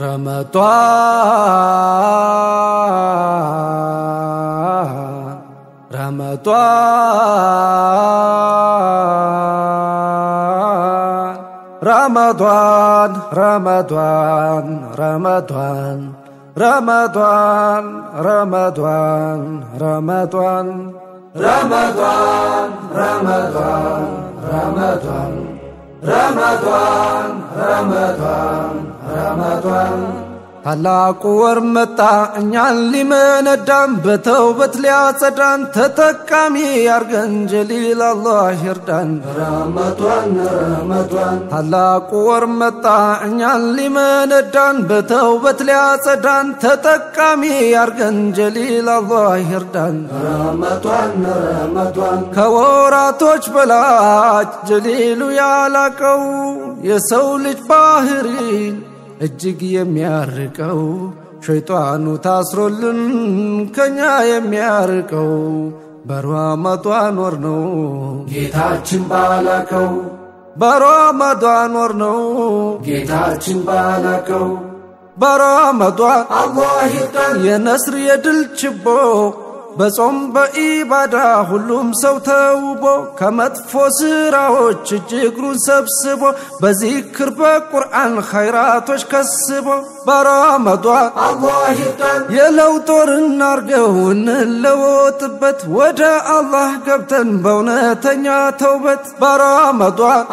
رمضان رمضان رمضان رمضان رمضان رمضان رمضان رمضان رمضان رمضان رمضان رمضان رمضان ታላቁ ወር መጣ እኛን ሊመነዳን በተውበት ሊያጸዳን ተጠቃሚ ያርገን ጀሊል አላህ ይርዳን ረመዷን ረመዷን ታላቁ ወር መጣ እኛን ሊመነዳን በተውበት ሊያጸዳን ተጠቃሚ ያርገን ጀሊል አላህ ይርዳን ረመዷን ረመዷን ከወራቶች በላች ጀሊሉ ያላቀው የሰው ልጅ ባህሪ እጅግ የሚያርቀው ሸይጣኑ ታስሮልን ከኛ የሚያርቀው በረመዷን ኖር ነው ጌታችን ባላከው በረመዷን ኖር ነው ጌታችን ባላከው በረመዷን አላህ የነስር የድል ችቦ በጾም በኢባዳ ሁሉም ሰው ተውቦ ከመጥፎ ስራዎች እጅግሩን ሰብስቦ በዚክር በቁርአን ኸይራቶች ከስቦ በረመዷን የለውጥ እናርገው እንለወጥበት ወደ አላህ ገብተን በእውነተኛ ተውበት በረመዷን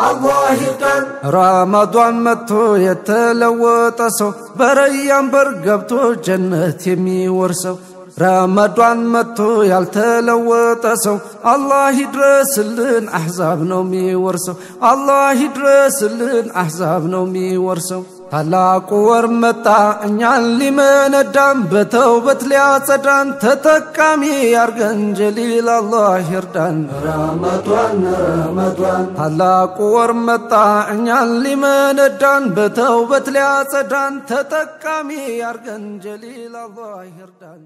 ረመዷን መጥቶ የተለወጠ ሰው በረያንበር በር ገብቶ ጀነት የሚወርሰው رمضان متو يالتلوط سو الله يدرسلن احزاب نومي ورسو الله يدرسلن احزاب نومي ورسو ታላቁ ወር መጣ እኛን ሊመነዳን በተውበት ሊያጸዳን ተጠቃሚ ያርገን ጀሊል አላህ ይርዳን ረመዷን ረመዷን ታላቁ ወር መጣ እኛን ሊመነዳን በተውበት ሊያጸዳን ተጠቃሚ ያርገን ጀሊል አላህ ይርዳን